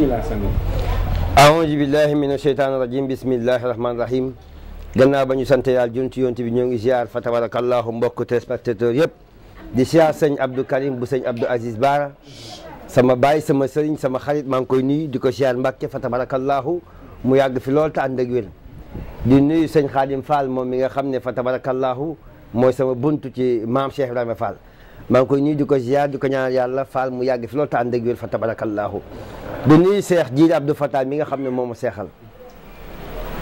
بسم الله سمي أعوذ بالله من الشيطان الرجيم بسم الله الرحمن الرحيم gannaaw ba ñu sant yàlla junti yonti bi ñoo ngi ziar fa tabarakallahu mbokk téléspectateur yëpp di ziar sëñ Abdou Karim bu sëñ Abdou Aziz Baara sama baay sama sëriñ sama xarit maa ngi koy nuyu di ko ziar Mbàkke fa tabarakallahu mu yàgg fi lool te ànd ak wér di nuyu sëñ Xaadim Fall moom mi nga xam ne fa tabarakallahu mooy sama buntu ci maam Cheikh Ibrahima Fall ma ngi koy nuyu di ziar diko ko ñaanal faal mu yagg fi lo te ànd ak fa tabarakallah di nuyu seex jid Abdou Fatah mi nga xamne momu moomu ma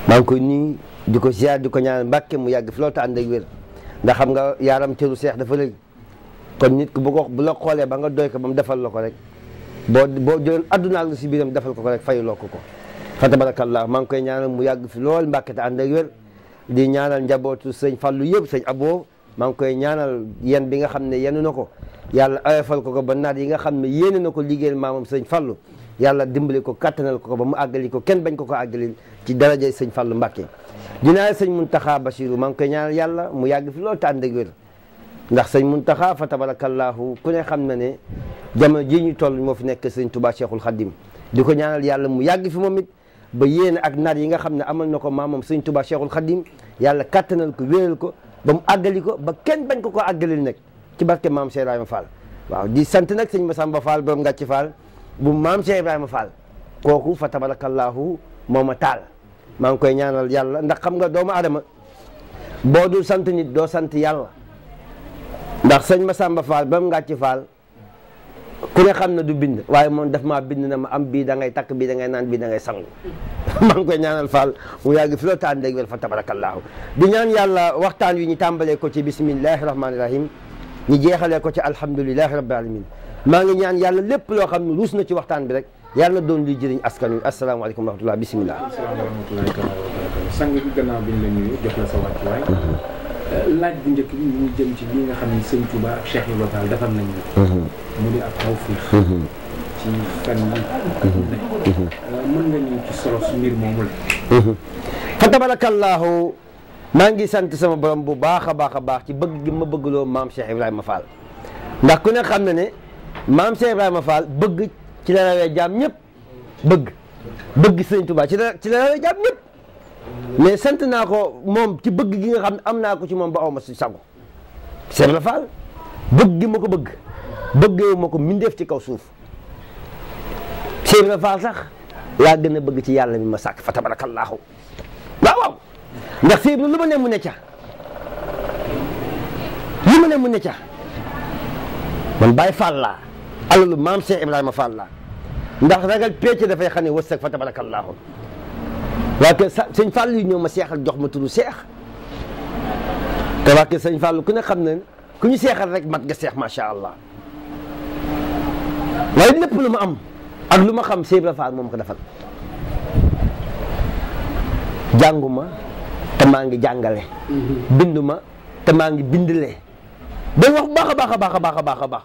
maa ngi koy nuyu di ziar diko ko ñaanal mbàkke mu yagg fi lo te ànd ak wér ndax xam nga yaaram teru seex dafa leg kon nit ku bu ko bu la xole ba nga doy ko bam mu defal lako rek bo bo jëloon aduna la si biiram defal ko rek fay ko ko fa tabarakallah maa ngi koy ñaanal mu yagg fi lol mbacke te ànd ak di ñaanal njabootu seigne fallu yeb seigne abou maa ngi koy ñaanal yan bi nga xam ne yenu na ko yàlla ayofal ko ko ba naat yi nga xam ne yéene na ko liggéeyal maamam sëñ Fallu yàlla dimbali ko kattanal ko ko ba mu àggali ko kenn bañ ko ko àggalil ci daraja sëñ Fallu Mbàkke dinaa sëñ Muntaxa Basiru maa ngi koy ñaanal yàlla mu yàgg fi loolu te ànd ak wér ndax ta Muntaxa fa tabarakallaahu ku ne xam na ne jamono ji ñu toll moo fi nekk sëñ Tuubaa Cheikhul Khadim di ko ñaanal yàlla mu yàgg fi moom it ba yéene ak naat yi nga xam ne amal na ko maamam sëñ Tuubaa yàlla kattanal ko wéral ko ba mu àggali ko ba kenn bañ ko ko àggalil nag ci barke maam Cheikh Ibrahima Fall waaw di sant nag sëñ Massamba Fall borom ngàcci Fall bu maam Cheikh ma Fall kooku fa tabarakallahu mooma taal maa ngi koy ñaanal yàlla ndax xam nga doomu adama boo dul sant nit doo sant yàlla ndax sëñ Massamba Fall borom ngàcci Fall ku ne xam na du bind waaye moom daf maa bind na ma am bii da ngay takk bii da naan bii da ngay sangu maa ngi koy ñaanal Fall mu yàgg fi loo taan dégg wel fa tabarakallahu di ñaan yàlla waxtaan wi ñu tàmbalee ko ci bismillahi rahmaani rahim ñu jeexalee ko ci alhamdulilahi rabbil alamin maa ngi ñaan yàlla lépp loo xam ne ruus na ci waxtaan bi rek yàlla doon luy jëriñ askan wi asalaamaaleykum wa rahmatullah bismillah sang bi gannaaw bi laaj bu njëkk bi ñu jëm ci lii nga xam ne sëñ Touba ak Cheikh Ibrahima Fall defal nañu ko. Mhm. mu di ab tawfeex. Mhm. ci fan yi. Mhm. Euh, mën nga ñëw ci la. fa tabarakallaahu maa ngi sant sama borom bu baax a baax a baax ci bëgg gi ma bëggloo maam Cheikh Ibrahima Fall ndax ku ne xam na ne maam Cheikh Ibrahima Fall bëgg ci la rawee jaam ñëpp bëgg bëgg sëñ ci la ci la rawee mais sent naa ko moom ci bëgg gi nga xam ne am naa ko ci moom ba aw ma si sago Cheikh Ibra bëgg gi ma ko bëgg bëggeewu ma ko mindeef ci kaw suuf Cheikh Ibra Fall sax laa gën a bëgg ci yàlla mi ma sàkk fa tabarakallaahu waaw waaw ndax Cheikh Ibra lu ma ne mu ne ca lu ma ne mu ne ca man Baye Fall laa alalu maam Cheikh Ibrahima Fall laa ndax ragal pecc dafay xam ne wërsëg fa tabarakallaahu waa kër sëñ Fallou yi ñoo ma seexal jox ma turu seex te waa kër sëñ ku ne xam na ku ñu seexal rek mat nga seex macha allah waaye lépp lu ma am ak lu ma xam Sèye la Fall moom ko defal jànguma te maa ngi jàngale. binduma te maa ngi bindalee. day wax baax a baax a baax a baax a baax a baax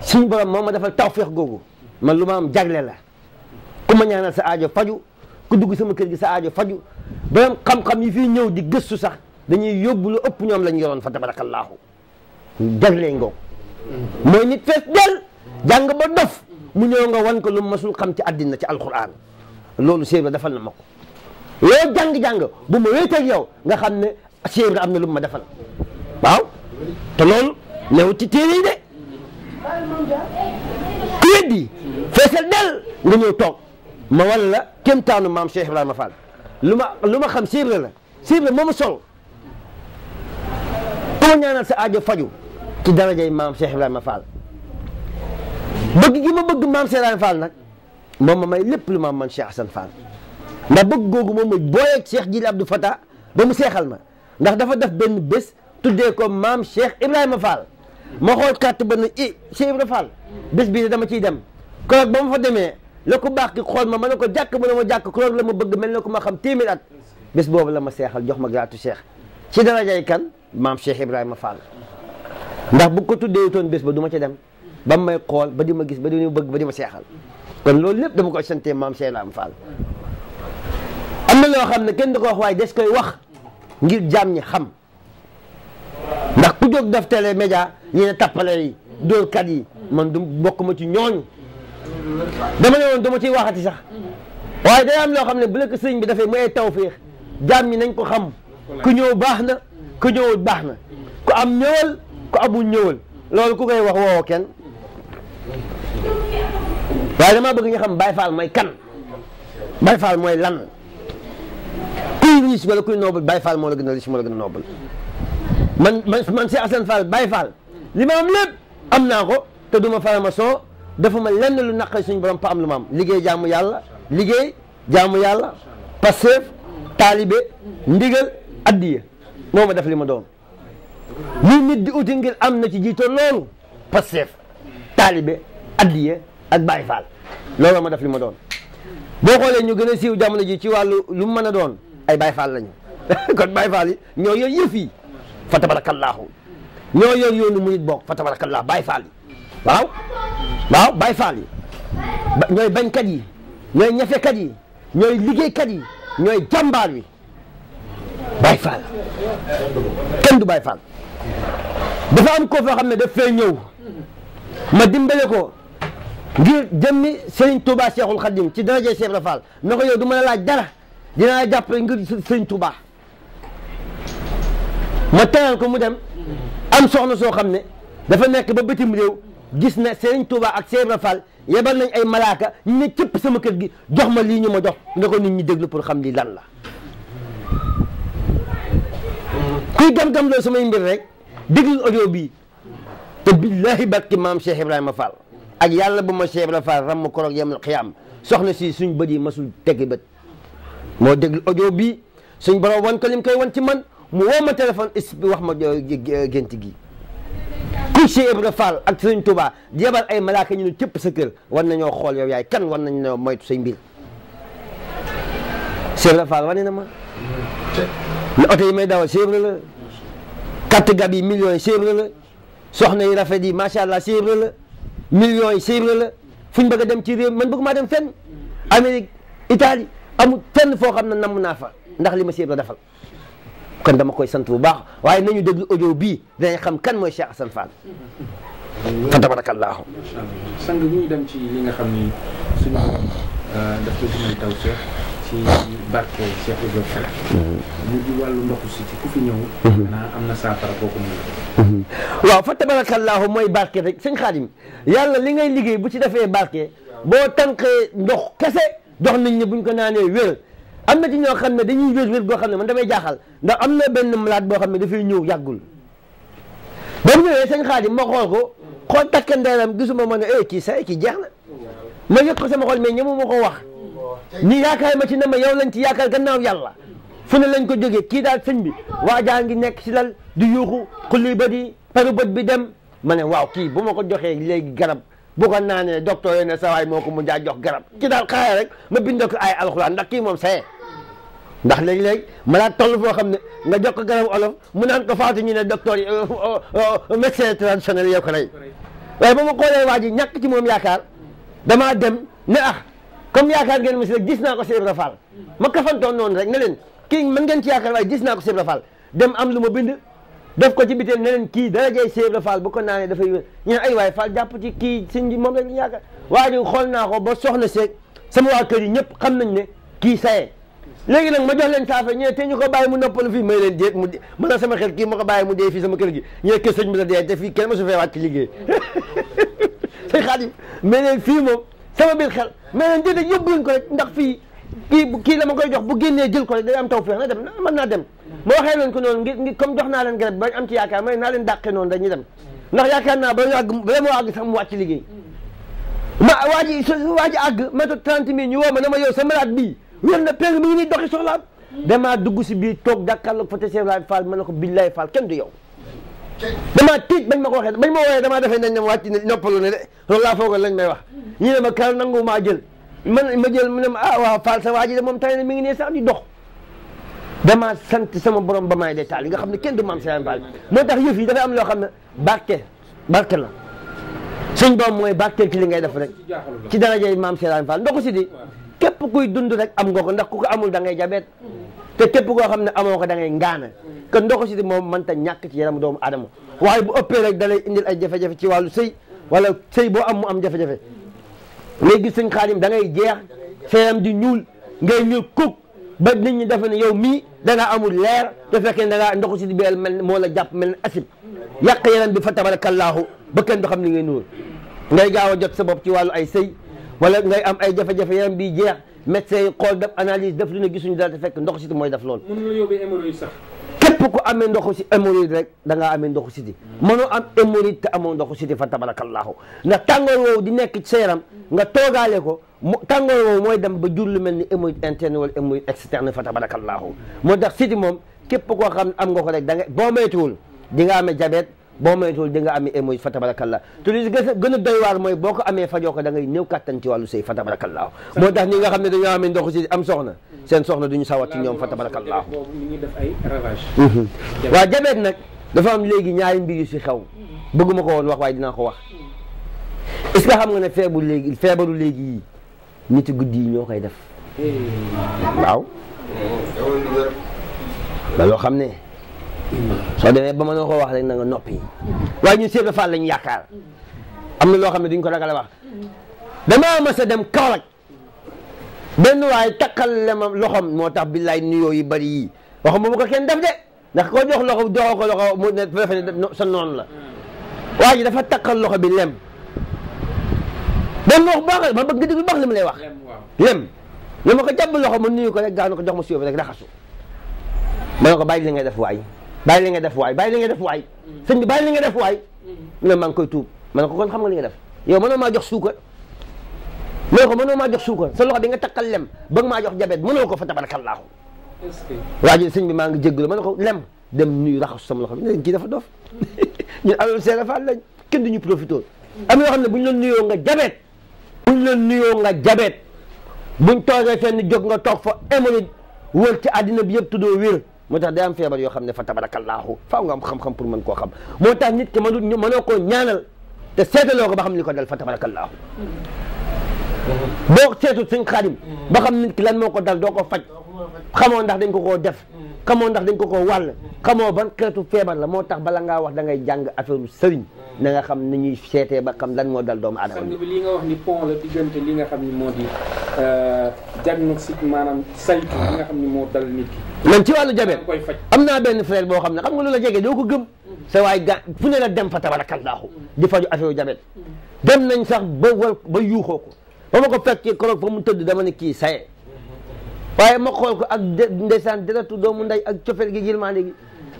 suñu borom moom ma defal tawféex googu man lu ma am jagle la ku ma sa aajo faju ku dugg sama kër gi sa aajo faju borom xam-xam yi fii ñëw di gëstu sax dañuy yóbbu lu ëpp ñoom lañ yoroon fa tabarakallaahu jagle ngoo mooy nit fees del jàng ba dof mu ñëw nga wan ko lu masul xam ci àddina ci alquran loolu séer ba defal na ma ko loo jàng-jàng bu ma wéeteeg yow nga xam ne séer nga am na lu ma defal waaw te loolu newut ci téere yi de ku weddi del nga ñëw toog ma wan la taanu maam Cheikh Ibrahima Fall lu ma lu ma xam sible la sible moomu sol koo ñaanal sa aajo faju ci darajay maam Cheikh Ibrahima Fall bëgg gi ma bëgg maam Cheikh Ibrahima Fall nag moom ma may lépp lu ma man Cheikh Assane Fall ndax bëgg googu moom ma booyeeg Cheikh Jili Abdou Fata ba mu seexal ma ndax dafa def benn bés tuddee ko maam Cheikh Ibrahima Fall ma xool kàtt ba ne i Cheikh Ibrahima Fall bés bii dama ciy dem keroog ba ma fa demee la ko baax ki xool ma ma ne ko jàkk mu ne ma jàkk ku la ma bëgg mel na ko ma xam téeméer at bés boobu la ma seexal jox ma gratu cheikh ci darajay kan maam Cheikh Ibrahima Fall ndax bu ko tuddeewutoon bés ba du ma ca dem ba may xool ba di ma gis ba di ma bëgg ba di ma seexal kon loolu lépp dama koy sante maam Cheikh Ibrahima am na loo xam ne kenn da ko wax waaye des koy wax ngir jaam ñi xam ndax ku jóg def télé média ñi ne tappale yi dóorkat yi man du bokk ma ci ñooñ dama ne woon dama ciy waxati sax waaye day am loo xam ne bu la ko sëriñ bi dafay may tawfiix jaam ñi nañ ko xam ku ñëw baax na ku ñëwul baax na ku am ñëwal ku amul ñëwal loolu ku koy wax woowo kenn waaye damaa bëgg ñu xam Baye Fall mooy kan Baye Fall mooy lan kuy riche wala kuy noble Baye Fall moo la gën a riche moo la gën a noble man am naa ko te du ma faramason dafa ma lenn lu naqari suñ borom pa am lu ma liggéey jaamu yàlla liggéey jaamu yàlla passeef taalibe ndigal addiya moo ma def li ma doon li nit di am na ci jiito loolu passeef taalibe addiya ak Baay Faal loolu ma def li ma doon boo xoolee ñu gën a siiw jamono ji ci wàllu lu mu mën a doon ay Baay Faal lañu kon Baay ñoo yor yëf yi fa tabarakallaahu ñoo yor yoonu murit bokk fa tabarakallaahu Baay Faal yi waaw Baye Fall yi ñooy bañkat yi ñooy ñafekat yi ñooy liggéeykat yi ñooy jàmbaar wi Baye Fall kenn du Baye Fall dafa am koo fa xam ne daf fee ñëw ma dimbale ko ngir jëmmi Serigne Touba seexul Khadim ci daraja Cheikh Ibra Fall na ko yow du mën a laaj dara dinaa jàppale ngir Serigne Touba ma teral ko mu dem am soxna soo xam ne dafa nekk ba bitim réew gis na Serigne Touba ak Cheikh rafal yebal nañ ay malaka ñu ne cipp sama kër gi jox ma li ñuma jox ne ko nit ñi déglu pour xam li lan la kuy gam-gam lo sama mbir rek déglu audio bi te billahi bakki mam Cheikh Ibrahima Fall ak yalla bu ma Cheikh rafal ram ko yamul qiyam soxna ci suñ yi masul teggi bët moo déglu audio bi suñ borom wan ko lim koy won ci man mu wo ma telephone is bi wax ma genti gi ku Cheikh Ibra Fall ak Sëriñ Tuubaa jebal ay malaaka ñu ne cëpp sa kër war nañoo xool yow yaay kan war nañ ne moytu say mbir Cheikh Ibra Fall wane na ma ne oto yi may dawal Cheikh Ibra la carte gab la soxna yi rafet yi macha allah Cheikh Ibra la yi Cheikh la fu ñu bëgg dem ci réew man bëgg maa dem fen Amérique Italie amul fenn foo xam ne namm naa fa ndax li ma Cheikh Ibra kon dama koy sant bu baax waaye nañu déglu audio bii dinañ xam kan mooy Cheikh Assane Fall fa tabarakallahu sang bi ñu dem ci li nga xam ni suñu euh, daf ko dimal taw mm-hmm. fi ñëw mm-hmm. am na saafara kooku mm-hmm. waaw fa tabarakallahu mooy barke rek sëñ Xaadim yàlla li ngay liggéey bu ci defee barke boo tànkee ndox kese dox nañ ne buñ ko naanee wér am na ci ñoo xam ne dañuy wér wér goo xam ne man damay jaaxal ndax am na benn malade boo xam ne dafay ñëw yàggul ba mu ñëwee sëñ Xaadim ma xool ko xool takkandeeram gisu ma ne eh kii sa ki jeex na ma yëg ko sama xol mais ñemu ma ko wax ñi yaakaar ma ci ne ma yow lañ ci yaakaar gannaaw yàlla fu ne lañ ko jógee kii daal sëñ bi waajaa ngi nekk si lal di yuuxu xulli bët yi paru bët bi dem ma ne waaw kii bu ma ko joxee léegi garab bu ko naanee docteur yi ne sa waay moo ko mun jaa jox garab kii daal xaare rek ma bind ay alxuraan ndax kii moom saye ndax léeg-léeg malade toll foo xam ne nga jox ko garab olof mu naan ko faatu ñu ne docteur yi euh, euh, euh, médecin traditionnel yow ko rey waaye ba ma xoolee waa ji ñàkk moom yaakaar damaa dem ne ah comme yaakaar geen ma si rek gis naa ko Sèye Fall ma toon noon rek ne leen kii mën geen ci yaakaar waaye gis naa ko Sèye Fall dem am lu ma bind def ko ci biteel ne leen kii dara jëye Sèye Fall bu ko naanee dafay wér ñu ay waay Fall jàpp ci kii sëñ moom rek ñu yaakaar waa ji xool naa ko ba soxna seeg sama waa kër yi ñëpp xam nañ ne kii saye léegi nag ma jox leen saafe ñee te ñu ko bàyyi mu noppalu fii may leen jéeg mu mën a sama xel kii ma ko bàyyi mu dee fii sama kër gi ñee kër sëñ bi la dee te fii kenn ma su fee wàcc liggéey sëñ Xaadim may leen fii moom sama biir xel may leen déedéet yóbbu leen ko rek ndax fii kii kii la ma koy jox bu génnee jël ko rek day am taw feex na dem mën naa dem ma waxee leen ko noonu ngir ngir comme jox naa leen garab bañ am ci yaakaar may naa leen dàqe noonu dañuy dem ndax yaakaar naa ba ñu àgg ba ma àgg sax mu wàcc liggéey ma waa ji waa ji àgg ma toog trente mille ñu woo ma na ma yow sa malade bii wér na peng mi ngi nii doxi soxlaam damaa dugg si biir toog jàkkaarloog fa te Cheikh Ibrahima Fall ma ne ko billaay Fall kenn du yow damaa tiit bañ ma ko waxee bañ ma waxee damaa defee nañ ne wàcc ne noppalu ne de loolu laa foogoon lañ may wax ñu ne ma kar nangu maa jël ma jël mu ne ma ah waaw sa waa ji de moom tey ne mi ngi nee sax di dox damaa sant sama borom ba maay detaal yi nga xam ne kenn du maam Cheikh Ibrahima Fall moo tax yëf yi am loo xam ne barke barke la suñ doom mooy barke ci li ngay def rek ci képp kuy dund rek am nga ko ndax ku ko amul da ngay jabet te képp koo xam ne amoo ko da ngay ngaana que ndoxu siti moom mën ta ñàkk ci yaram doomu aadama waaye bu ëppee rek dalay indil ay jafe-jafe ci wàllu sëy wala sëy boo am am jafe-jafe léegi sëñ Xaadim da ngay jeex seeram di ñuul ngay ñuul kuk ba nit ñi defe ne yow mii da ngaa amul leer te fekkee da ngaa ndoxu siti bi mel moo la jàpp mel ne asib yàq yaram bi fa tabarakallaahu ba kenn du xam ni ngay nuur ngay gaaw a jot sa bopp ci wàllu ay sëy wala ngay am ay jafe-jafe yaram bi jeex médecin yi xool def analyse def lu ne gisuñu daal te fekk ndoxu siti mooy def loolu. mën la yóbbee hémorroïde sax. képp ku amee ndoxu si rek danga ngaa amee ndoxu siti mënoo am hémorroïde te amoo ndoxu siti fa tabarakallahu ndax tàngoor woowu di nekk ci sa nga toogaale ko mu tàngoor mooy dem ba jur lu mel ni hémorroïde interne wala hémorroïde externe fa tabarakallahu moo tax siti moom képp koo xam am ngoko ko rek da nga boo moytuwul di nga amee diabète boo moytuwul di nga am hémorroïde fa tabarakallah te li gën a doy waar mooy boo ko amee fajoo ko da ngay néew kàttan ci wàllu sëy fa tabarakallah moo tax ñi nga xam ne dañoo amee ndoxu si am soxna seen soxna duñu sawat ci ñoom fa tabarakallah waa jabeet mhm. nag dafa am léegi ñaari mbir yu si xew bëgguma ko woon wax waaye dinaa ko wax est-ce xam nga ne feebu léegi feebaru léegi yi nit guddi yi ñoo koy def eh. waaw ba loo xam ne soo demee ba mënoo ko wax rek na nga noppi waaye ñun Seydou Fall lañu yaakaar am na loo xam ne duñ ko ragal a wax damaa mas a dem Kaolack benn waaye takkal lemam loxom moo tax billaay nuyoo yu bëri yii waxam ba bu kenn def de ndax koo jox loxo joxoo ko loxo mu ne defe ne sa la waa ji dafa takkal loxo bi lem benn wax baax ma bëgg nga déglu baax li mu lay wax lem li ma ko jàpp loxo ma nuyu ko rek gaanu ko jox ma suyoo bi rek raxasu ma ne ko bàyyi li ngay def waay bàyyi li nga def waay bàyyi li nga def waay mm. sëñ bi bàyyi li nga def waay mu mm. ne maa ngi koy tuub man ne ko kon xam nga li nga def yow mënoo maa jox suukar ma ko mënoo maa jox suukar sa loxo bi nga takkal lem bëgg maa jox jabet mënoo ko fa tabarakallaahu waa ji sëñ bi maa ngi jégglu man ne ko lem dem nuyu raxas sama loxo bi kii dafa dof mm. ñun alal seera faal lañ kenn duñu profité am yoo xam ne bu ñu la nuyoo nga jabet buñ la nuyoo nga jabet buñ toogee fenn jóg nga toog fa émoli wër ci àddina bi yëpp tuddoo wér moo tax day am feebar yoo xam ne fa tabarakallaahu faaw nga am xam-xam pour mën koo xam moo tax nit ki mënut mënoo koo ñaanal te seetaloo ko ba xam li ko dal fa tabarakallaahu boo seetul sëñ xaadim ba xam nit moo ko dal ko faj xamoo ndax dañ ko koo def xamoo ndax dañ ko koo wàll xamoo ban xeetu feebar la moo tax bala ngaa wax da ngay jàng affaire sëriñ na nga xam ni ñuy seetee ba xam lan moo dal doomu aadama bi li nga wax ni pont la diggante li nga xam ni moo di Euh, diagnostic maanaam saytu bi nga xam ni moo dal nit ci wàllu jabet am naa benn frère boo xam ne xam nga la jege doo ko gëm. sa waay ga fu ne la dem fa tabarakallaahu di faju affaire dem nañ sax ba wal ba yuuxoo ko ba ma ko fekkee koroog fa mu tëdd dama ne kii say waaye ma xool ko ak ndeysaan deretu doomu nday ak cofeel gi yërmande gi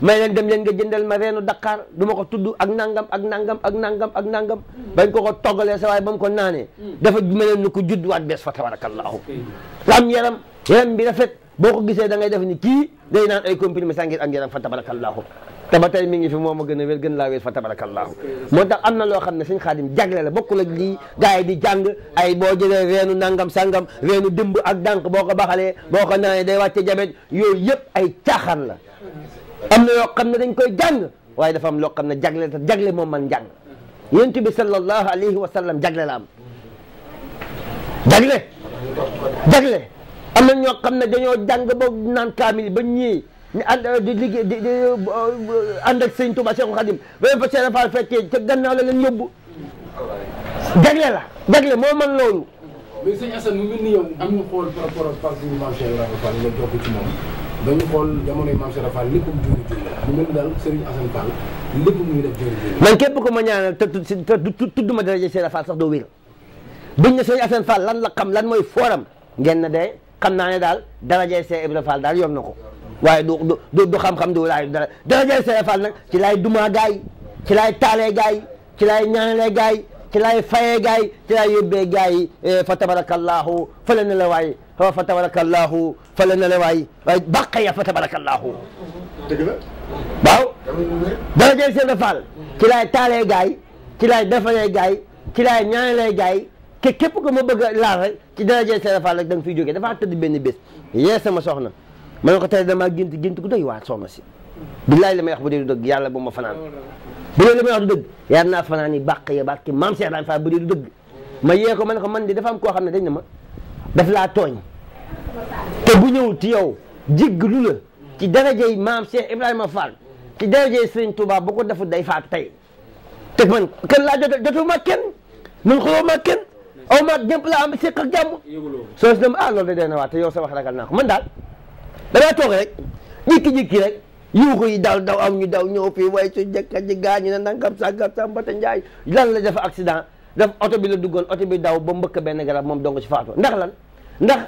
may leen dem leen nga jëndal ma reenu Dakar du ma ko tudd ak nangam ak nangam ak nangam ak nangam bañ ko ko toggalee sa waaye ba mu ko naanee dafa mel ni ko judd waat bees fa tabarakallaahu am yaram yaram bi rafet boo ko gisee da ngay def ni kii day naan ay comprimé sangir ak yaram fa tabarakallaahu te ba tey mi ngi fi moom a gën a wér gën laa wér fa tabarakallaahu moo tax am na loo xam ne suñ xaadim jagle la bokkul ak lii yi di jàng ay boo jëlee reenu nangam sangam reenu dëmb ak dànk boo ko baxalee boo ko naanee day wàcce jabet yooyu yëpp ay caaxaan la am na yoo xam ne dañ koy jàng waaye dafa am loo xam ne jagle ta jagle moom man jàng yonent bi sallallahu alayhi wa sallam jagle la am jagle jagle am na ñoo xam ne dañoo jàng ba naan kaamil ba ñii ñu ànd di liggéey di di ànd ak sëñ Tuba Cheikh Khadim ba leen fa Cheikh Fall fekkee ca gannaaw la leen yóbbu jagle la jagle moo man loolu mais sëñ Assane mu mel ni yow am ñu xool par rapport ak Pape Cheikh Ibrahima Fall nga jokk ci moom dañu xool jamonoy maam Serap Fall lépp mu jëriñ jëriñ ñu mel ni daal ma ñaanal te te tudd ma daraja Serap Fall sax doo wér buñ ne Serigne Assane Fall lan la xam lan mooy fooram ngeen na de xam naa ne daal daraja Serigne Ibra daal yor na ko waaye du du du xam-xam du laay dara daraja Serigne Fall nag ci laay dumaa gaa ci laay taalee gaa ci laay ñaanalee gaa ci laay fayee gaa ci laay yóbbee gaa eh, fa tabarakallahu fële ne la waaye. fa tabarakallahu fa la ne la waay waay ya fa tabarakallahu dëgg la waaw dara jël faal ci laay taalee gaay ci laay defalee gaay ci laay ñaanalee gaay te képp ko ma bëgg a laal rek ci dara jël seen da nga fiy jógee dafaa tëdd benn bés yee sama soxna ma ne ko tey damaa gént gént gu doy waar soxna si billaay li may wax bu dee du dëgg yàlla bu ma fanaan bu dee li may naa fanaan bàq ya bàq maam Cheikh daan fa bu dee du ma yee ko ma ne ko man di dafa am koo xam ne dañ ne ma daf laa tooñ te bu ñëwul ci yow jéggalu la ci darajey maam Cheikh a Fall ci darajey Serigne Touba bu ko deful day faat tey te man kenn laa jot jotuma kenn man xuloo ma kenn aw ma ñëpp laa am séq ak jàmm soo si dem ah loolu da dee na waa te yow sa wax ragal naa ko man daal dangaa toog rek jékki-jékki rek yuuxu yi daal daw am ñu daw ñëw fii waaye su jëkka ji gaañu na nangam sàngam sàmbata njaay lan la dafa accident daf oto bi la duggoon oto bi daw ba mbëkk benn garab moom dong ci faatu ndax lan ndax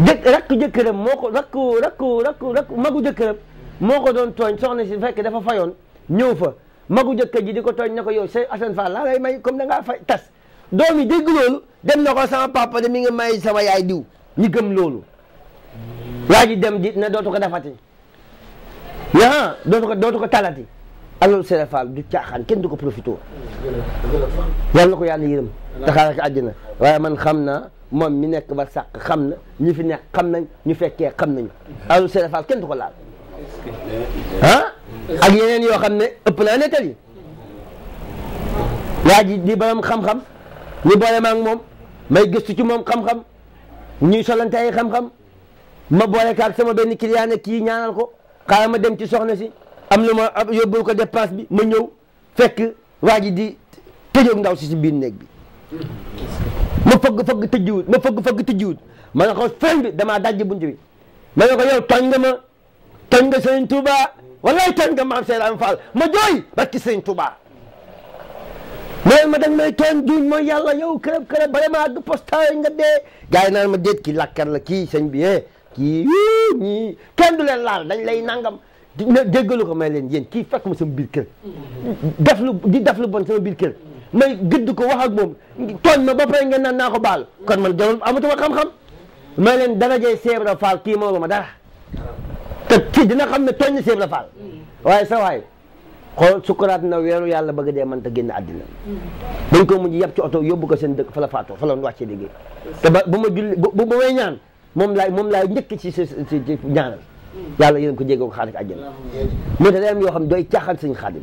jëkk rakk jëkkëram moo ko rakku rakku rakku rakku magu jëkkëram moo ko doon tooñ soxna si fekk dafa fayoon ñëw fa magu jëkkër ji di ko tooñ ne ko yow say Assane Fall laa may comme da ngaa fay tas doom yi dégg loolu dem na ko sama papa de mi ngi may sama yaay diw ñi gëm loolu waa ji dem di na dootu ko defati yaa dootu ko dootu ko talati alors Sëriñ Fall du caaxaan kenn du ko profité yàlla na ko yàlla yërëm taxaar ak àjjana waaye man xam naa moom mi nekk ba sàq xam na ñu fi nekk xam nañ ñu fekkee xam nañu alalu Serigne Fall kenn ko laal ak yeneen yoo xam ne ëpp naa nettal yi waa ji di borom xam-xam ñu boole ma moom may gëstu ci moom xam-xam ñuy solante ay xam-xam ma boole kaak sama benn client ne kii ñaanal ko xaaral dem ci soxna si am na ma yóbbul ko dépense bi ma ñëw fekk waa ji di tëjoog ndaw si si biir néeg bi ma fogg fogg tëjjiwut ma fogg fogg tëjjiwut ma ne ko sëñ bi dama dajji bunt bi ma ne ko yow tooñ nga ma tooñ nga sëñ Touba wallaay ma nga maam Seydou Fall ma jooy barki sëñ Touba. mais ma dañ may tooñ duñ mo yalla yow kërëb kërëb bare ma ag postaay nga dee gars yi naan ma déet ki lakkar la ki sëñ bi eh ki ni kenn du leen laal dañ lay nangam déggalu ko may leen yeen ki fekk ma sama biir kër def lu di def lu bon sama biir kër may gëdd ko wax ak moom tooñ ma ba pare ngeen naan naa ko baal kon man jarul amatuma xam-xam may leen darajee Seebra Faal kii moo ma dara te kii dina xam ne tooñ na Seebra Faal waaye sa waay xool sukuraat na weeru yàlla bëgg dee man ta génn àddina dañ ko mu yab ci oto yóbbu ko seen dëkk fa la faatoo fa la wàccee liggéey te ba bu ma julli bu ma may ñaan moom laay moom laay njëkk ci ci ñaanal yàlla yéen ko jéggi ko xaaral àjjana moo tax day am yoo xam ne doy caaxaan suñu xaadim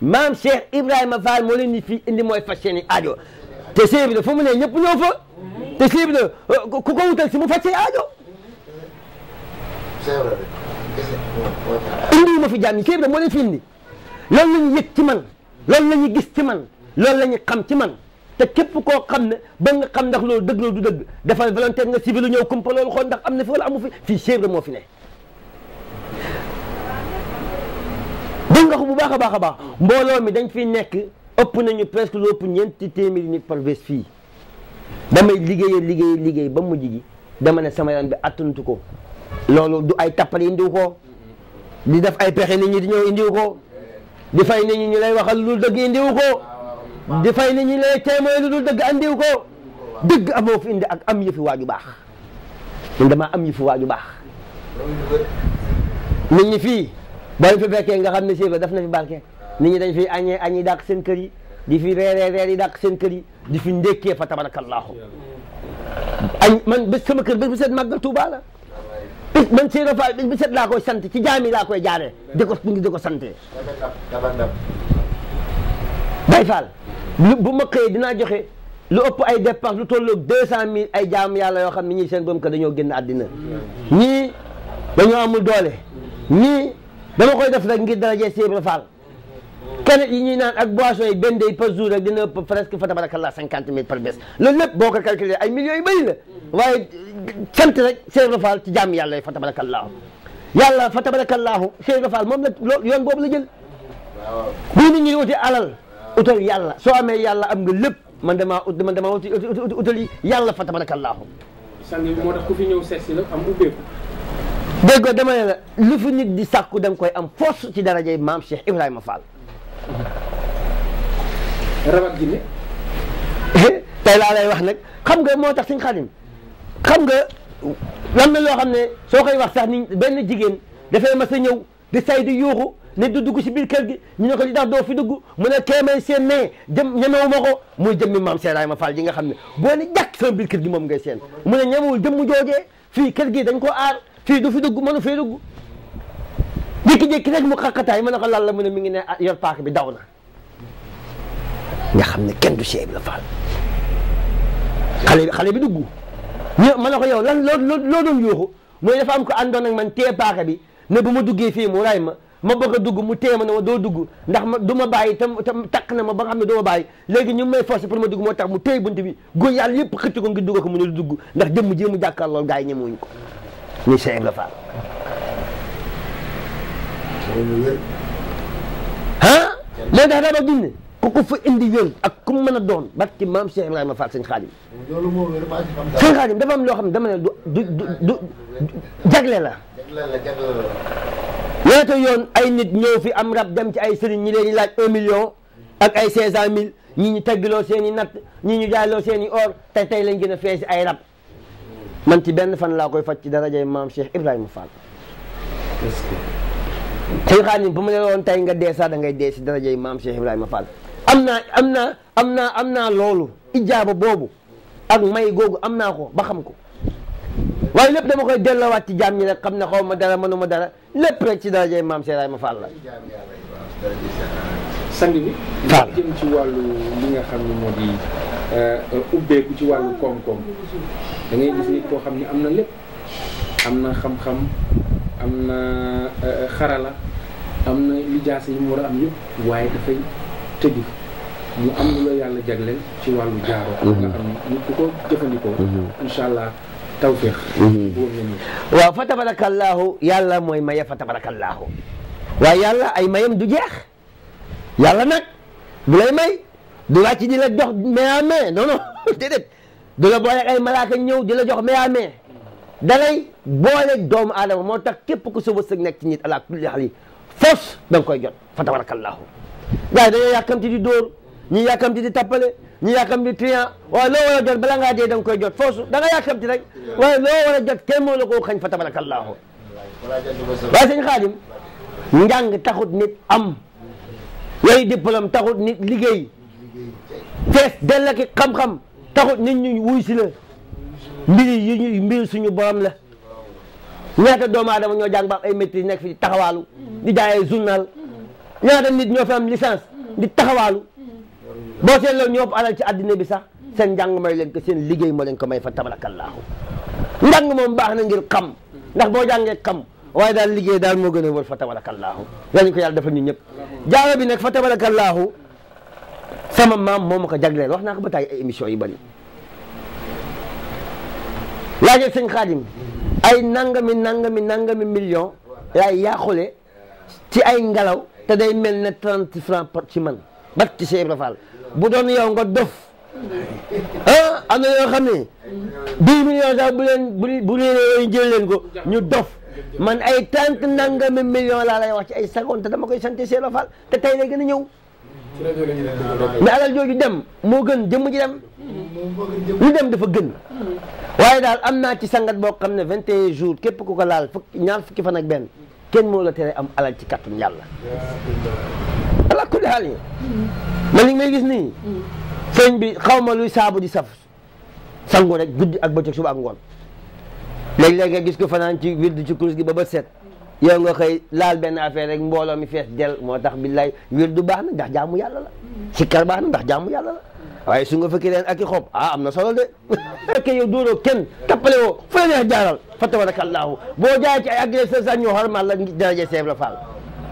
maam Cheikh Ibrahima Fall moo leen nit indi mooy faj seeni aajo te Cheikh Ibrahima fu mu ne ñëpp ñëw fa te Cheikh Ibrahima ku ko wutal si mu faj seen aajo indi ma fi jàmm yi Cheikh Ibrahima moo leen indi loolu la ñu yëg ci man loolu la ñu gis ci man loolu la ñu xam ci man te képp koo xam ne ba nga xam ndax loolu dëgg loolu du dëgg defal volontaire nga civil ñëw kumpa loolu xool ndax am ne fi wala amu fi fii Cheikh Ibrahima moo fi ne nga ko bu baax a baax a baax mbooloo mi dañ fi nekk ëpp nañu presque lu ëpp ñeenti téeméeri nit par bés fii damay liggéeyee liggéey liggéey ba mujj gi dama ne sama yoon bi attantu ko loolu du ay tappale indiw ko di def ay pexe nit ñi di ñëw indiw ko di fay nit ñu lay waxal lu dëgg indiw ko di fay nit ñi lay téeméer lu dul dëgg andiw ko dëgg amoo indi ak am yëfi waaju baax man damaa am yëfi waaju baax fii bañ fi nga xam ne Cheikh Ibra daf na fi barke nit ñi dañ fi añee añi dàq seen kër yi di fi reeree reer yi dàq seen kër yi di fi ndékkee fa tabarakallaahu añ man bés sama kër bés set màggal Tuuba la bés man Cheikh Ibra Fall bés set laa koy sant ci jaami laa koy jaaree di ko di ko sante Baye Fall bu ma xëyee dinaa joxe lu ëpp ay dépense lu tolloog deux cent mille ay jaam yàlla yoo xam ne ñii seen borom kër dañoo génn addina ñii dañoo amul doole ñii dama koy def rek ngir daraje sey Ibra fal kene yi ñi naan ak boisson yi benn day par jour rek dina ëpp presque fa tabarakallah cinquante mille par bés lool lépp boko calculer ay millions yu bari la waye sant rek sey Ibra fal ci jàmm yàlla yi fa tabarakallah yàlla fa tabarakallah sey Ibra fal mom la yoon bobu la jël bu nit ñi wuti alal utal yàlla so amé yàlla am nga lépp man dama ut man dama wuti utal yàlla fa tabarakallah sang bi tax ku fi ñëw seet la am ubbeeku dégg nga dama ne la lu fi nit di sàkku da koy am force ci darajay maam Cheikh Ibrahima Fall. rabat jinne eh, tey laa lay wax nag xam nga moo tax suñ xadim xam nga lan na loo xam ne soo koy wax sax ni benn jigéen dafay mas a ñëw di say di yuuxu ne du dugg si biir kër gi ñu ne ko li tax doo fi dugg mu ne keemay seen mais jëm ñemewu ma ko muy jëmmi maam Cheikh Ibrahima Fall ji nga xam ne boo ne jàkk sama biir kër gi moom ngay seen mu ne ñemewul jëmmu joojee fii kër gi dañ ko aar fii du fi dugg mënu fee dugg jékki-jékki rek mu xaqataay ma ne ko lan la mu ne mi ngi ne ah, yor paak bi daw na nga xam ne kenn du Cheikh Ibra Fall xale bi xale bi dugg ñu ma ne ko yow lan loo loo doon yooxu mooy dafa am ko àndoon ak man tee paaka bi ne bu mu duggee fi mu ray ma ma bëgg a mu tee ma ne ma doo dugg ndax ma du ma bàyyi tam tam takk na ma ba nga xam ne du ma bàyyi léegi ñu tax mu téye bunt bi góor yàlla yëpp xëcc ko ngir dugg ko mu ne du dugg ndax jëmm ji mu jàkkaarloo gaa yi ñemewuñ ko ni Cheikh Ibra Fall ah léegi dax daaba gis ne ku ko fa indi wér ak ku mën a doon barki maam Cheikh Ibrahima Fall sëñ Xaadim sëñ Xaadim dafa am loo xam ne dama ne du du du jagle la ñaata yoon ay nit ñëw fi am rab dem ci ay sëriñ ñi leen di laaj un million ak ay cinq cent mille ñi ñu teggiloo seen i natt ñi ñu jaayloo seen i or te tey lañ gën a fees ay rab man ci benn fan laa koy faj ci yi maam Cheikh Ibrahima Fall. sëñ Xaadim bu ma ne woon nga dee sax da ngay dee si darajay maam Cheikh Ibrahima Fall am naa am na am na am naa loolu ijaaba boobu ak may googu am naa ko ba xam ko waaye lépp dama koy delloowaat ci jaam ñi rek xam na xaw ma dara mënu ma dara lépp rek ci darajay maam Cheikh Ibrahima Fall la. sang bi. faal jëm ci wàllu li nga xam ne moo di euh, ubbeeku ci wàllu koom-koom da ngay koo xam ne am na lépp am na xam-xam am na euh, xarala am na lijaasa yi mu war a am yëpp waaye dafay tëju mu am lu la yàlla jagleel ci wàllu jaaroo. Mhm. nga xam ne nit ko jëfandikoo. Mhm. incha allah. tawfiq mhm. waaw fa tabarakallahu yàlla mooy maye fa tabarakallahu waaye yàlla ay mayam du jeex yàlla nag bu lay may du wàcc di la jox main à main non non déedéet du la boole ay malaaka ñëw di la jox main à main dalay boole doomu aadama moo tax képp ku sa wërsëg nekk ci nit ala kulli xal yi foos koy jot fa tabarakallahu gars yi dañoo yàkkamti di dóor ñi yàkkamti di tappale ñi yàkkamti di triant waaye loo war a jot bala ngaa koy jot foosu da nga yàkkamti rek waaye loo war a jot kenn moo la ko xañ fa tabarakallahu waaye sëñ xaadim njàng taxut nit am yooyu diplôme taxut nit liggéey fees dell ki xam-xam taxut nit ñu wuy si la mbir yi ñu mbir suñu borom la ñaata doomu aadama ñoo jàng ba am ay maîtrise nekk fi di taxawaalu di jaayee journal ñaata nit ñoo fi am di taxawaalu boo seen loolu ñoo ëpp alal ci addina bi sax seen njàng may leen ko seen liggéey moo leen ko may fa tabarakallahu njàng moom baax na ngir xam ndax boo jàngee kam waaye daal liggéey daal moo gën a wër fa tabarakallaahu yàlla ñu ko yàlla defal ñu ñëpp jaaro bi nag fa tabarakallaahu sama maam moo ma ko wax naa ko ba tàyyi ay émission yu bëri laajee sëñ ay nangami ngelaw te day mel ne trente franc ci man bat ci Cheikh Ibra bu doon yow nga dof ah am yoo xam ne dix millions sax bu leen bu bu yooyu jël leen ko ñu dof man ay tànk nangami million laa lay wax ci ay seconde te dama koy sant Seydou Fall te tey lay gën a ñëw. mais alal jooju dem moo gën jëmm ji dem. lu dem dafa gën. waaye daal am naa ci sangat boo xam ne 21 jours képp ku ko laal fukki ñaar fukki fan ak benn kenn moo la tere am alal ci kàttanu yàlla. ala kulli xaal yi. man li may gis nii. sëñ bi xaw ma luy saabu di saf. sangu rek guddi ak bëccëg suba ak léeg-léeg nga gis ko fanaan ci wirdu ci kurus gi ba ba set yow nga xëy laal benn affaire rek mbooloo mi fees del moo tax billaay wirdu baax na ndax jaamu yàlla la sikkar baax na ndax jaamu yàlla la waaye su nga fekki xob ah am na solo de fekkee yow dóoroo kenn tappale woo fu la jaaral fa tabarakallahu boo jaay ci ay agresseur sax ñoo xormal la daraje seef la faal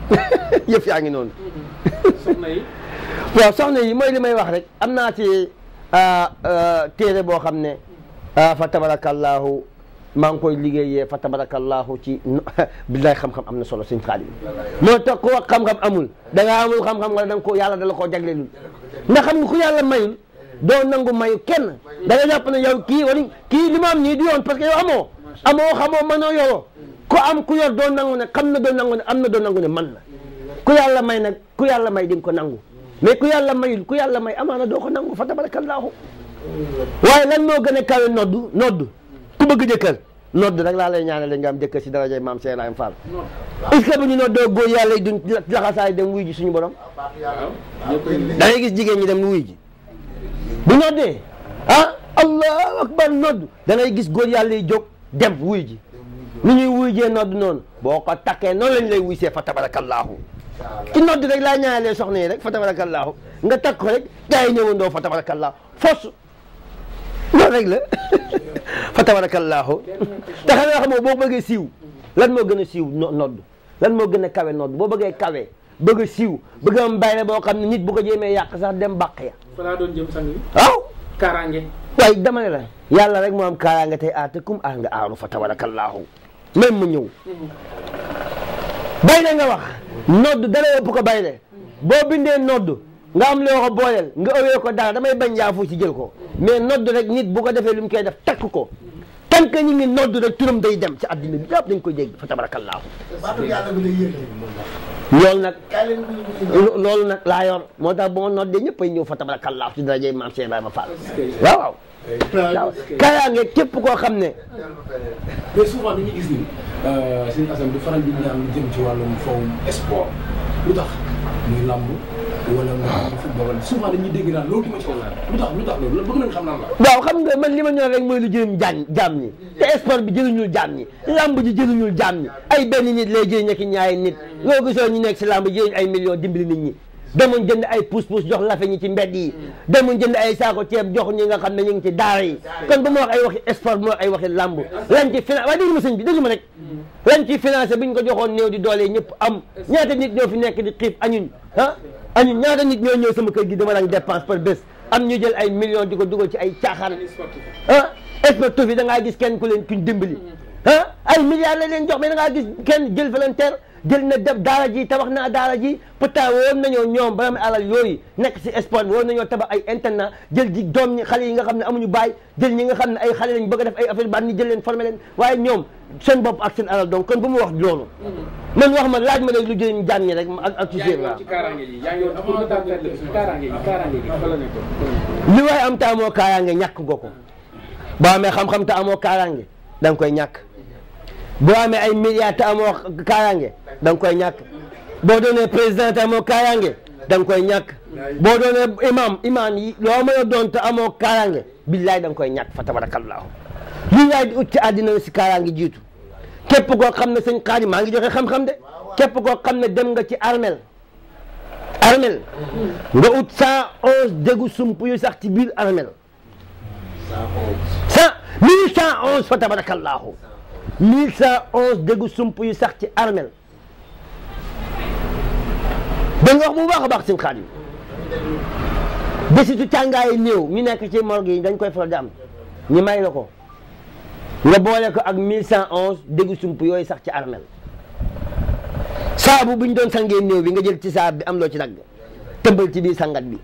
yëf yaa ngi noonu waaw soxna yi mooy li may wax rek am naa ci ah, ah, téere boo xam ne ah, fa tabarakallahu maa ngi koy liggéeyee fa tabarakallahu ci billaay xam-xam am na solo sëñ moo tax ku wax amul da amul xam-xam wala ko yàlla dala koo jagleelul nga xam nga ku yàlla mayul doo nangu mayu kenn da nga jàpp ne yow kii wala kii li ma am nii du yoon parce que yow amoo amoo xamoo mënoo ko am ku yor doo nangu ne kam na doo nangu ne am na doo nangu ne man na ku yàlla may na ku yàlla may di ko nangu mais ku yàlla mayul ku yàlla may amaana doo ko nangu fa tabarakallahu waaye lan moo gën a kawe noddu noddu ku bëgg jëkkër nodd nag laa lay ñaane nga am jëkkër si darajay maam Cheikh Ibrahima Fall est-ce ñu noddoo góor yàlla yi duñ laxasaay dem wuy ji suñu borom da gis jigéen ñi dem wuy ji bu noddee ah allahu akbar nodd da gis góor yàlla yi jóg dem wuy ji ñuy wuy jee nodd noonu boo ko takkee noonu lañ lay wuy see fa tabarakallaahu ci nodd rek laa ñaanalee soxna yi rek fa tabarakallaahu nga takk ko rek gars yi ñëwandoo fa tabarakallaahu fos loolu rek la fa tabarakallaahu te xanaa xamoo boo bëggee siiw lan moo gën a siiw nodd lan moo gën a kawe nodd boo bëggee kawe bëgg a siiw bëgg am bayre boo xam ne nit bu ko jéemee yàq sax dem bàq ya fa doon jëm sang waaw waaye dama ne la yàlla rek moo am kaaraange tey aar te kum aar ah nga aaru fa tabarakallaahu même mu ñëw mm-hmm. bayre nga wax nodd dara yëpp ko bayre boo bindee nodd nga am loo ko booleel nga ëwee ko dara damay bañ yaafu ci jël ko mais nodd rek nit bu ko defee lu mu koy def takk ko tan que ñu ngi nodd rek turam day dem ci addina bi yëpp dañ koy dégg fa tabarakallaahu loolu nag loolu nag laa yor moo tax bu ma noddee ñëpp ay ñëw fa tabarakallaahu ci darajey maam Cheikh Ibrahima Fall waaw waaw waaw kayaange képp koo xam ne. mais souvent dañuy gis ni euh, sëñ Assane du faral di ñaan lu jëm ci wàllum fawum sport lu tax muy làmb wala mu football souvent dañuy dégg naan loolu duma ci wax waaw xam nga man li ma ñor rek mooy lu jëriñ jaan jaam ñi te sport bi jëriñul jaam ñi làmb ji jëriñul jaam ñi ay benn nit lay jëriñ ak ñaari nit loo gisoo ñu nekk si làmb jëriñ ay millions dimbali nit ñi. demuñ jënd ay pousse-pousse jox lafe ñi ci mbedd yi mm. demuñ jënd ay saako ceeb jox ñi nga xam ne ñu ngi ci daara yi kon bu ma wax ay waxi sport bu ma wax ay waxi làmb lañ ci financé waaye déglu ma sëñ bi déglu ma rek lañ mm. ci bi ñu ko joxoon néew di doole yi ñëpp am ñaata nit ñoo fi nekk di xiif añuñ ah añuñ ñaata nit ñoo ñëw sama kër gi dama lañ dépense par bés am ñu jël ay millions di ko dugal ci ay caaxaan ah sportif yi da ngaa gis kenn ku leen kuñ dimbali mm. ah ay milliards la leen jox mais da ngaa gis kenn jël na def daara ji tabax naa daara ji pourtant na ñoo ñoom borom alal yooyu nekk si sport waroon nañoo tabax ay internat jël ji doom ñi xale yi nga xam ne amuñu baay jël ñi nga xam ne ay xale lañ bëgg def ay affaire ban ni jël leen formé leen waaye ñoom sen bopp ak seen alal donc kon bu mu wax loolu mm-hmm. man wax ma laaj ma rek lu jëriñ jàmm ñi rek ak ak sujet waaw li waaye am te amoo kaaraange ñàkk nga boo amee xam-xam amoo kaaraange da koy ñàkk boo amee ay milliards te amoo kaaraange da koy ñàkk boo doonee président te amoo kaaraange da koy ñàkk boo doonee imam imam yi loo doon te amoo kaaraange billaay da koy ñàkk fa tabarakallahu li yaay di ut ci àddina si kaaraange jiitu képp koo xam ne sëñ xaari maa ngi joxe xam-xam de képp koo xam ne dem nga ci armel armel nga ut cent onze dégu sump yu sax ci biir armel cent mille cent onze fa tabarakallahu 1111 déggu sump yu sax ci armel da nga wax bu baax a baax seen xaar yi bésitu càngaayi néew ñu nekk ci morgue yi dañ koy faral di am ñu may la ko nga boole ko ak 1111 déggu sump yooyu sax ci armel saabu bu ñu doon sangee néew bi nga jël ci saab bi am loo ci dagg tëmbal ci biir sangat bi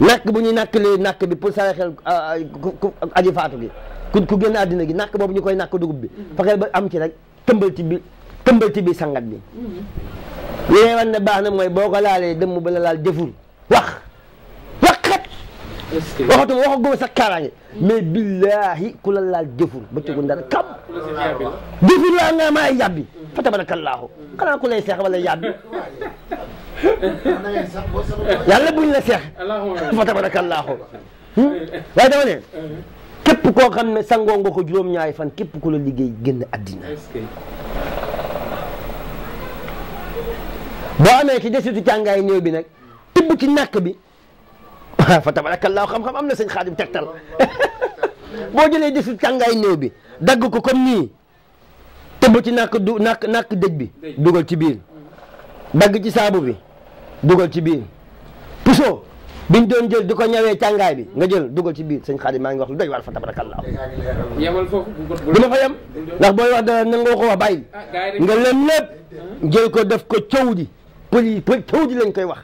nakk bu ñu nakkalee nakk bi pour saraxel ah, ah, aji faatu gi ku ku génn àddina gi nàkk boobu ñu koy nàkk dugub bi fexeel ba am ci rek tëmbal bi tëmbal bi sangat bi li lay baax na mooy boo ko laalee dëmm ba la laal jëful wax waxat waxatuma waxaguma sa kaaraange mais billaahi ku la laal jëful ba tegu ndara kam jëful laa nga maay yàbbi fa tabarakallaahu xanaa ku lay seex wala yàbbi yàlla buñ la seex fa tabarakallaahu hmm? waaye dama ne képp koo xam ne sangoo nga ko juróom-ñaari fan képp ku la liggéey génn àddina boo amee ci desitu càngaay néew bi nag tibb ci nàkk bi fa tabarakallaahu xam-xam am na sëñ xaadim tegtal boo jëlee desitu càngaay néew bi dagg ko comme nii tibb ci nàkk du nàkk nàkk dëj bi dugal ci biir dagg ci saabu bi dugal ci biir puso biñ doon jël di ko ñawee càngaay bi nga jël dugal ci biir sëñ Xaadim maa ngi wax lu doy waar fa tabarakallah yemal foofu du ma fa yem ndax booy wax dara nan nga ko wax ah, nga leen lépp jël ko def ko cëw ji pël yi pël koy wax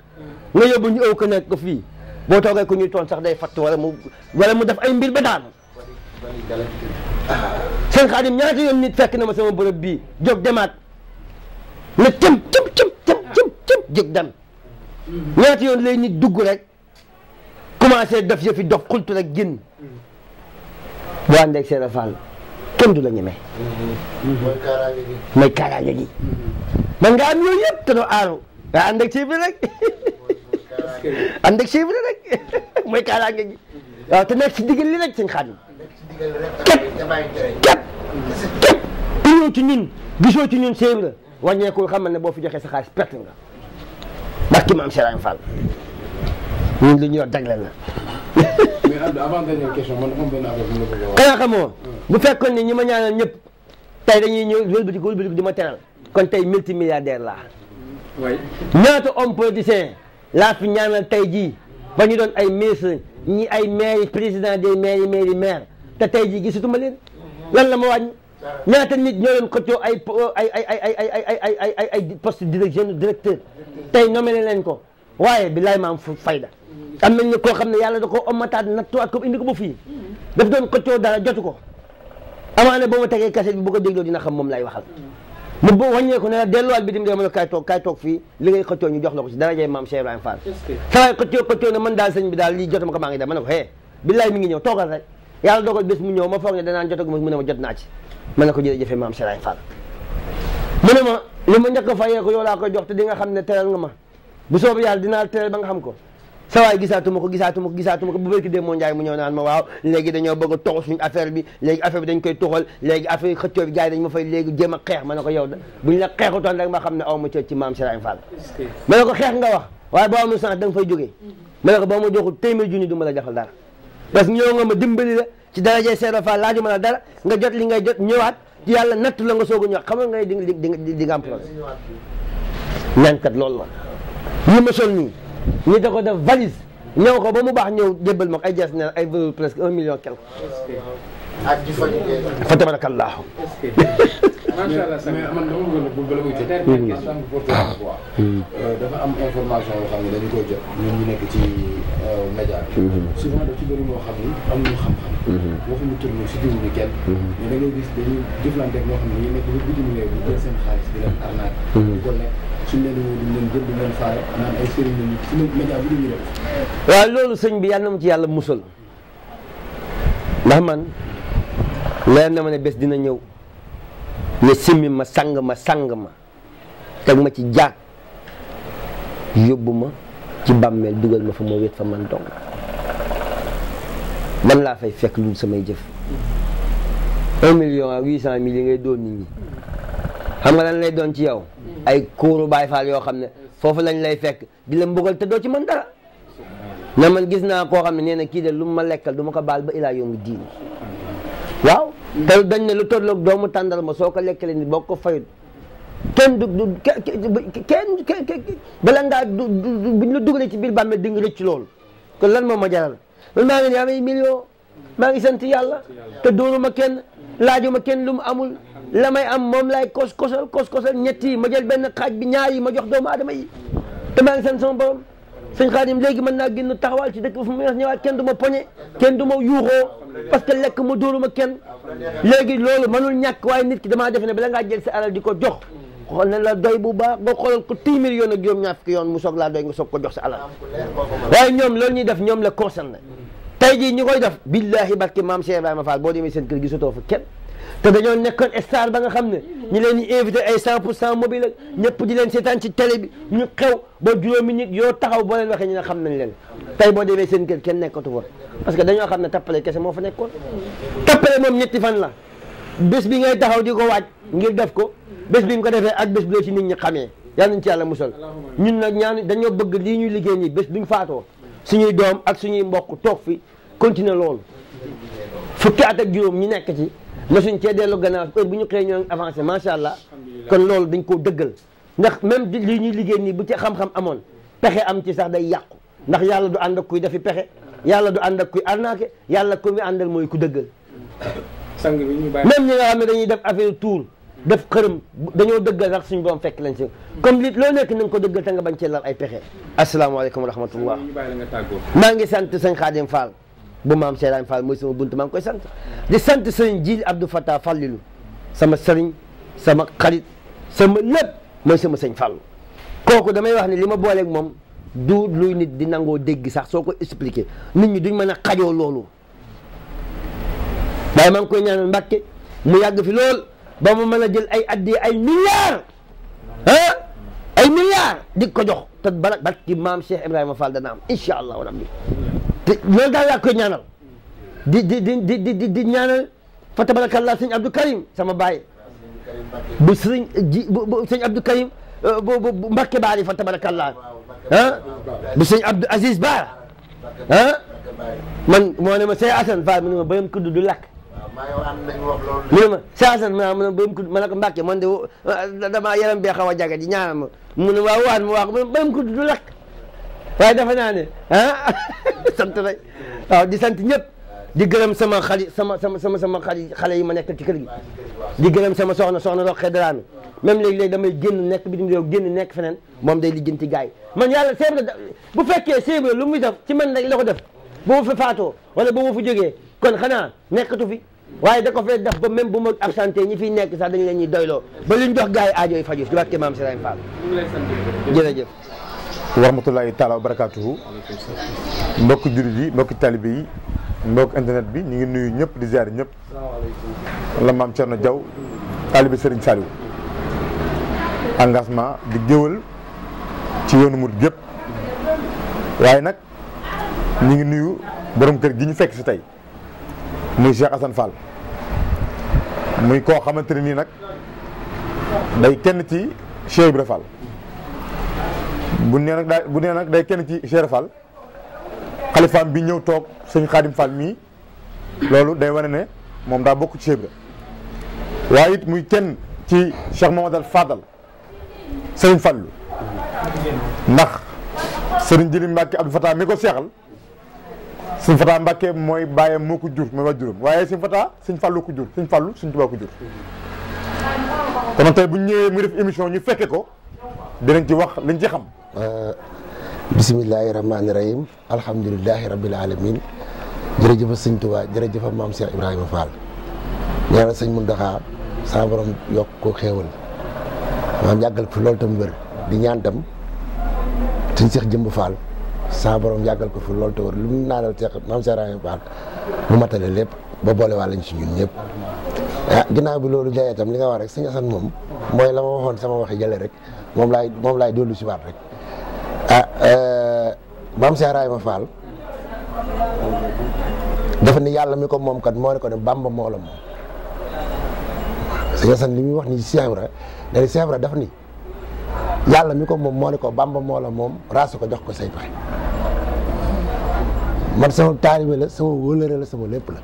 nga yóbbu ñu ëw ko fii boo toogee ku ñu toon sax day fatt wala mu wala mu def ay mbir ba daanu sëñ Xaadim ñaata yoon nit fekk na ma sama bërëb bii jóg demaat na cëm cëm cëm cëm cëm jóg dem ñaata yoon lay nit dugg rek commencé def yëfi dof xultu rek génn boo ànd ak Seera Fall kenn du la ñeme. mooy kaaraange gi mooy kaaraange gi. man nga am yooyu yëpp te doo aaru nga ànd ak ceeb bi rek ànd ak ceeb bi rek mooy kaaraange gi waaw te nekk si digal li rek seen xaadim képp képp képp ku ñëw ci ñun gisoo ci ñun ceeb la wàññeekul xamal ne boo fi joxee sa xaalis perte nga ndax ki ma am Seera Fall. ñun lu ñu yor jagleel la. mais Abdou avant dernière bu ma ko wax. xanaa xamoo bu fekkoon ni ñi ma ñaanal ñëpp tey dañuy ñëw wëlbatiku di ma teral kon tey multimilliardaire laa. waay ñaata homme politicien laa fi ñaanal tey jii ba doon ay ministre ñi ay maire président des maires maire maire te tey ji gisatuma leen lan la ma wàññi. ñaata nit ñoo doon xëccoo ay ay ay ay ay ay ay ay ay poste directeur tey nommé leen ko waaye billaay ma am fayda. am nañ ne koo xam ne yàlla da koo ommataat nattuwaat ko indi ko ba fii daf doon xëccoo dara jotu ko amaane boo ma tegee kaset bi bu ko dégloo dina xam moom lay waxal mu bo wàññeeku ne la delluwaat bi dim a kaay toog kaay toog fii li ngay xëccoo ñu jox la ko ci darajey maam ne man daal sëñ bi daal lii jotuma ko maa ngi dem ma ne ko hee billaay mi ngi ñëw mu ñëw ma foog ne danaan jotag mu jot naa ci ma ne ko jërëjëfee maam Cheikh Ibrahima Fall ma li ma njëkk a fayee ko yow laa koy jox te di nga xam ne teral nga ma bu soobu yàlla dinaa teral ba nga xam ko sa waay gisaatuma ko gisaatuma ko gisaatuma ko dee moo njaay mu ñëw naan ma waaw léegi dañoo bëgg a toxu suñu affaire bi léegi affaire bi dañ koy toxal léegi affaire xëccoo bi gars ma fay a xeex ma ne ko yow da buñ la xeexutoon rek ma xam ne aw ma ci maam Serigne Fall ma ne ko xeex nga wax waaye boo amul sens da nga fay jógee ma ne ko boo ma joxul téeméer junni du ma la defal dara parce que ñëw nga ma dimbali la ci daraje Serigne Fall laaju ma la dara nga jot li ngay jot ñëwaat yàlla natt la nga soog a ñëw xam nga ngay di di di nga am problème ñaankat loolu ma sol nii ñi da ko def valise ñëw ko ba mu baax ñëw jébbal ma ay jas ne ay valeur presque un million quelque ak di fa liggéey. fa tabarakallahu. macha allah mais a a wuute. Ah, hmm. euh, dafa am information yoo xam ne dañu koy jot. ñun ñu nekk ci euh, média bi. Hmm. souvent daf ci bëri moo xam ni am nañu xam-xam. Hmm. waxuñu tur si jiwu ñu nekk ba bitim bi jël seen di leen arnaque. di ko nekk suñ leen woo di leen jël di leen faare si loolu sëñ bi yàlla mu ci yàlla musal ndax man. leer na ma ne bés dina ñëw ne simmi ma sang ma sang ma teg ma ci jaag yóbbu ma ci bàmmeel dugal ma fa ma wét fa man dong man laa fay fekk lu samay jëf un million ak huit cent mille yi ngay doon nit ñi xam nga lan lay doon ci yow ay kóoru Baay Faal yoo xam ne foofu lañ lay fekk di la mbugal te doo ci mën dara ne man gis naa koo xam ne nee na kii de lu ma lekkal du ma ko baal ba ilaa yombi diin waaw te dañ ne lu tolloog doomu tàndarma soo ko lekkale nit boo ko fayut kenn du du kenn bala ngaa du buñ la dugalee ci biir bàmmeel di nga rëcc loolu kon lan moom ma jaral man maa ngi ne amee million maa ngi sant yàlla te doonuma kenn laajuma kenn lu mu amul la may am moom laay kos kosal kos kosal ñett yi ma jël benn xaaj bi ñaar yi ma jox doomu aadama yi te maa ngi sant sama borom sëñ Xaadim léegi mën naa génn taxawaal ci dëkk bi fu mu neex ñëwaat kenn du ma poñe kenn du ma yuuxoo parce que lekk ma dóoru ma kenn léegi loolu mënul ñàkk waaye nit ki damaa defe ne bala ngaa jël sa alal di ko jox xool na la doy bu baax nga xoolal ko téeméer yoon ak juróom-ñaar fukki yoon mu soog laa doy nga soog ko jox sa alal waaye ñoom loolu ñuy def ñoom la concerné tey jii ñu koy def billaahi barke maam Cheikh Ibrahima Fall boo demee seen kër gi sotoo fa kenn te dañoo nekkoon star ba nga xam ne ñi leen ñi invité ay 100 pour cent mobile ak ñëpp di leen seetaan ci télé bi ñu xew ba juróomi nit yoo taxaw boo leen waxee ñu ne xam nañ leen tey boo demee seen kër kenn nekkatu fa parce que dañoo xam ne tappale kese moo fa nekkoon tappale moom ñetti fan la bés bi ngay taxaw di ko waaj ngir def ko bés bi nga ko defee ak bés bi la ci nit ñi xamee yal nañ ci yàlla musal ñun nag ñaan dañoo bëgg lii ñu liggéey nii bés buñ faatoo suñuy doom ak suñuy mbokk toog fi continuer loolu fukki at ak ñi nekk ci mosuñ cee dellu gannaaw heure bu ñu xëyee ñoo avancé macha allah kon loolu dañ koo dëggal ndax même lii ñuy liggéey nii bu ci xam-xam amoon pexe am ci sax day yàqu ndax yàlla du ànd ak kuy dafi pexe yàlla du ànd ak kuy arnaqué yàlla ku muy àndal mooy ku dëggal sang bi ñu bàyyi ne dañuy def affaire tour def xërëm dañoo dëggal sax suñu borom fekk lañ si comme li loo nekk na ko dëggal te nga bañ cee lal ay pexe asalaamaaleykum wa rahmatullah maa ngi sant sëñ Xaadim Fall bu maam Seeraan Fall mooy sama buntu maa ngi koy sant di sant sëriñ Jil Abdou Fattah Fallilu sama sëriñ sama xarit sama lépp mooy sama sëñ Fall kooku damay wax ne li ma booleeg moom du luy nit di nangoo dégg sax soo ko expliqué nit ñi duñ mën a xajoo loolu waaye maa ngi koy ñaanal Mbàkke mu yàgg fi lool ba mu mën a jël ay addi ay milliards ah ay milliards di ko jox te barak barki maam Cheikh Ibrahima Fall dana am incha allahu rabbi te daal laa koy ñaanal di di di di di ñaanal fa tabarakallah sëñ Abdou sama baay bu sëñ ji bu sëñ Abdou Karim euh, bu bu Mbacke Baari fa tabarakallah bu sëñ Abdou Baara ah ma Sey Assane Fall mu ma bayam kudd du lakk mu ne ma Sey Assane ma ma bayam kudd man de euh, damaa xaw a jagat yi ñaanal ma mu du lakk waaye defe naa ne ah sant nañ di sant ñëpp di gërëm sama xali sama sama sama sama xali xale yi ma nekk ci kër gi di gërëm sama soxna soxna Roqe Dramé même léegi-léegi damay génn nekk bitim réew génn nekk feneen moom day lijjanti gars yi man yàlla da bu fekkee seebre lu mu def ci man rek la ko def bu ma fi faatoo wala bu ma fi jógee kon xanaa nekkatu fi waaye da ko fee def ba même bu ma absenté ñi fiy nekk sax dañu leen ñuy doyloo ba li ñu jox gars yi aajo yi faju ci barke maam Sëriñ Fall jërëjëf wa rahmatullahi taala wa barakaatuhu mbokk jullit yi mbokk talibe yi mbokk internet bi ñu ngi nuyu ñëpp di ziar ñëpp la maam Thierno Diaw talibe sëriñ Saliou engagement di géwal ci yoonu mut gépp waaye nag ñu ngi nuyu borom kër gi ñu fekk si tey muy Cheikh Assane Fall muy koo xamante ne nii nag day kenn ci Cheikh Ibra Fall bu nee daay bu nee nag day kenn ci Cheikh Fall xalifaam bi ñëw toog sëñ Xaadim Fall mii loolu day wane ne moom daa bokk ci Cheikh Ibra waaye it muy kenn ci Cheikh dal Fadal sëriñ Fallu ndax sëriñ Jëli Mbàkke Abdou Fatah mi ko seexal sëñ Fatah Mbàkke mooy bàyyam moo ko jur mooy waajuram waaye sëñ Fatah sëñ Fallu ko jur sëñ Fallu sëñ Tuubaa ko jur kon tey bu ñëwee muy def émission ñu fekke ko dinañ ci wax liñ ci xam Euh, bisimilahi rahmaani rahim alhamdulilahi rabil alamin jërëjëf sëñ Tuubaa jërëjëf maam Cheikh Ibrahima Fall ñaanal sëñ Muntaxa saa borom yokk ko xéewal maam yàggal ko fi lool tam wér di ñaan tam sëñ Cheikh Jëmb Fall saa borom yàggal ko fi lool tam wér lu mu naanal Cheikh maam Cheikh Ibrahima Fall mu matale lépp ba boole waa lañ si ñun yëpp ah ginnaaw bi loolu jaayee tam li nga wax rek sëñ Assane moom mooy la ma waxoon sama waxi jële rek moom laay moom laay dollu si waat rek. ah euh, maam Cheikh Ibrahima Fall dafa ni yàlla mi ko moom kat moo ne ko ne Bamba moo la moom sëñ Assane li muy wax ni Cheikh Ibra da dafa ni yàlla mi ko moom moo ne ko Bamba moo la moom raase ko jox ko say baay man sama taalibe la sama wëlëre la sama lépp la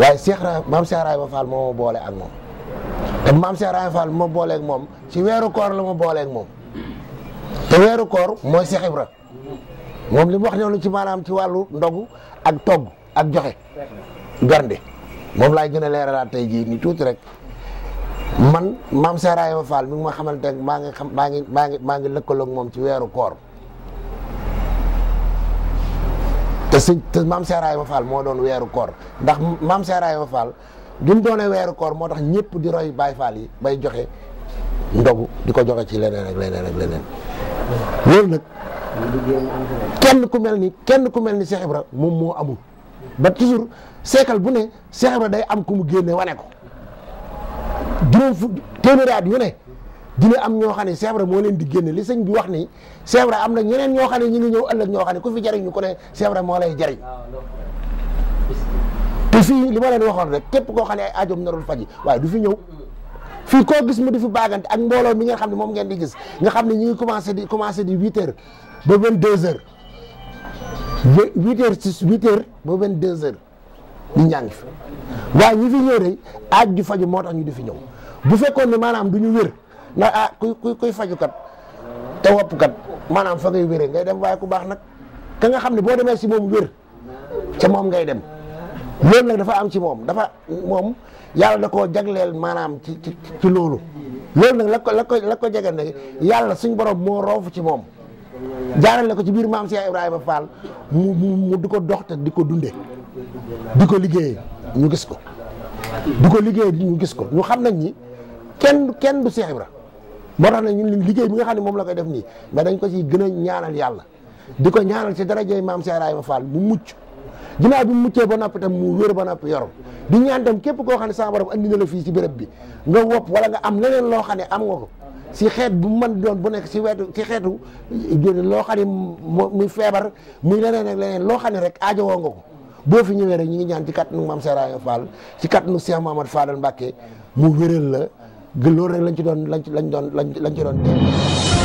waaye Cheikh Ra maam Cheikh Ibrahima Fall moo ma boole ak moom te maam Cheikh Ibrahima Fall ma booleeg moom ci weeru koor la ma booleeg moom. te weeru koor mooy Cheikh ra moom li mu wax noonu ci maanaam ci wàllu ndogu ak togg ak joxe garnde moom laay gën a leeralaat tey jii nii tuuti rek man maam Seraya Fall mi ma xamante ne maa ngi xam maa ngi maa ngi maa ngi lëkkaloog moom ci weeru koor te sëñ te maam Seraya moo doon weeru koor ndax maam Seraya Fall bi mu doonee weeru koor moo tax ñëpp di roy Baay Fall yi bay joxe ndogu di ko joxe ci leneen ak leneen ak leneen. loolu nag kenn ku mel ni kenn ku mel ni Cheikh ra moom moo amul ba toujours seekal bu ne Cheikh Ibra day am ku mu génne wane ko juróom fu téeméeri at yu ne dina am ñoo xam ne Cheikh Ibra moo leen di génne li sëñ bi wax ni Cheikh Ibra am na ñeneen ñoo xam ne ñu ngi ñëw ëllëg ñoo xam ne ku fi jariñu ku ne Cheikh Ibra moo lay jariñ te fii li ma leen waxoon rek képp koo xam ne ay aajoom narul faji waaye du fi ñëw fii koo gis mu di fi baagante ak mbooloo mi nga xam ne moom ngeen di gis nga xam ne ñu ngi commencé di commencé di huit heures ba vingt deux heures huit heures six huit heures ba vingt deux heures ñu ñaa ngi fi waaye ñi fi ñëw rek aaj faju moo tax ñu di fi ñëw bu fekkoon ne maanaam du ñu wér na a ah, kuy kuy kuy fajukat te woppkat maanaam fa ngay wéree ngay dem waaye ku baax nag ka nga xam ne boo demee si moom wér ca moom ngay dem loolu nag dafa am ci moom dafa moom yàlla da koo jagleel maanaam ci ci ci loolu loolu nag la ko la ko la yàlla suñ borom moo roofu ci moom jaarale ko ci biir maam Cheikh Ibrahima Fall mu mu di ko dox te di ko dunde di ko liggéeyee ñu gis ko di ko liggéeyee ñu gis ko ñu xam nañ ni kenn kenn du Cheikh Ibra moo tax ne ñun liggéey bi nga xam ne moom la koy def nii ma dañ ko ci gën a ñaanal yàlla di ko ñaanal ci darajey maam Cheikh Ibrahima Fall mu mucc ginnaaw bi mu muccee ba noppi tam mu wér ba noppi yorom di ñaan tam képp koo xam ne sama borom andi na la fii ci béréb bi nga wopp wala nga am leneen loo xam ne am nga ko si xeet bu mën doon bu nekk si wetu si xeetu loo xam ne muy feebar muy leneen ak leneen loo xam ne rek aajowoo nga ko boo fi ñëwee rek ñu ngi ñaan ci kattanu Maam Seraya Fall ci nu Cheikh Mamadou Fadal Mbacké mu wéral la loolu rek lañ ci doon lañ ci lañ doon lañ ci doon